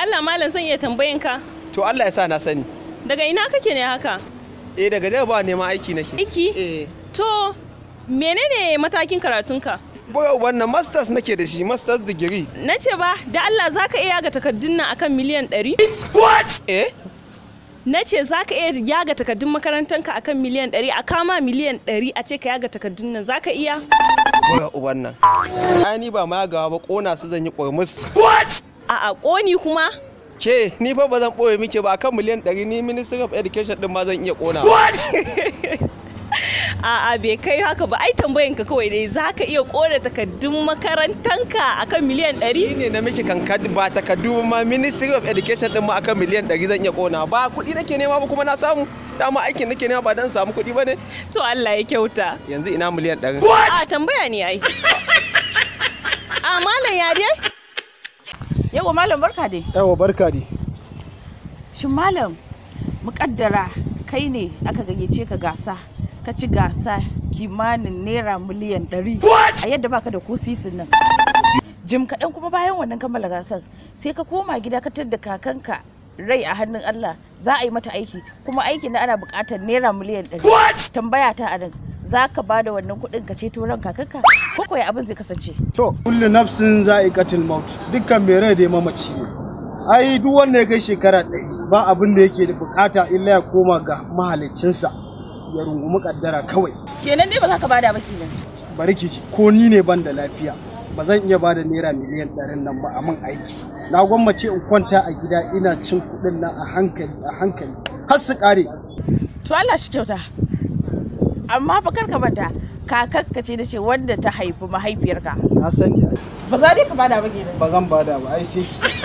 da Allah malam zan iya tambayin ka to Allah ya sa na sani daga ina kake ne haka eh daga jihar ba neman aiki nake aiki eh to menene matakin karatunka boyo wannan masters nake da shi masters degree na ce ba da Allah zaka iya ga takardun nan akan miliyan 100 what eh na ce za ka iya ga takardun makarantanka akan miliyan 100 a kama miliyan 100 a ce ka ga takardun nan za ka iya? Uban nan. Ai ni ba ma yagawa ba kona su zan yi ƙormus. What? A'a ƙoni kuma? Ke ni fa ba zan ɓoye miki ba kan miliyan ɗari ni Ministry of Education ɗin ma zan iya ƙona. A'a bai kai haka ba ai tambayan ka kawai dai za ka iya ƙona takaddun makarantanka akan miliyan ɗari? Ni ne na miki kankad ba takaddu ma Ministry of Education ɗin ma akan miliyan ɗari zan iya ƙona ba kuɗi nake nema ba kuma na samu. dama aikin nake nema ba dan samu kuɗi ba ne? To Allah ya kyauta. Yanzu ina miliyan ɗari. A tambaya ne ai. A malam yare? Yawa malam barka dai. Yawa barka dai. Shin malam muƙaddara kai ne aka gayyace ka gasa ka ci gasa kimanin naira miliyan ɗari a yadda baka da kosisin nan. Jim kaɗan kuma bayan wannan kammala gasar sai ka koma gida ka da kakanka rai a hannun Allah za a yi mata aiki kuma aikin da ana bukatar naira miliyan ɗari. Tambaya ta a nan za ka ba da wannan kuɗin ka ceto ran kakanka ko koyi abin zai kasance. To, kullu nafsin za'iqatul maut dukkan mai rai ya mamaci ne. Ai duk wanda ya kai shekara ɗari ba abin da yake bukata illa ya koma ga mahaliccinsa ya rungumi kaddara kawai. Kenan dai ba za ka da ba kenan. Bari ki ji ko ni ne ban da lafiya ba zan iya bada naira miliyan ɗarin nan ba a man aiki. Na gwammace in kwanta a gida ina cin kuɗin nan a hankali a hankali har su kare. To Allah shi kyauta. amma fa karka manta kakakka ce dace ce wanda ta haifi mahaifiyarka na sani ba za ka bada ba ke ba zan bada ba ai sai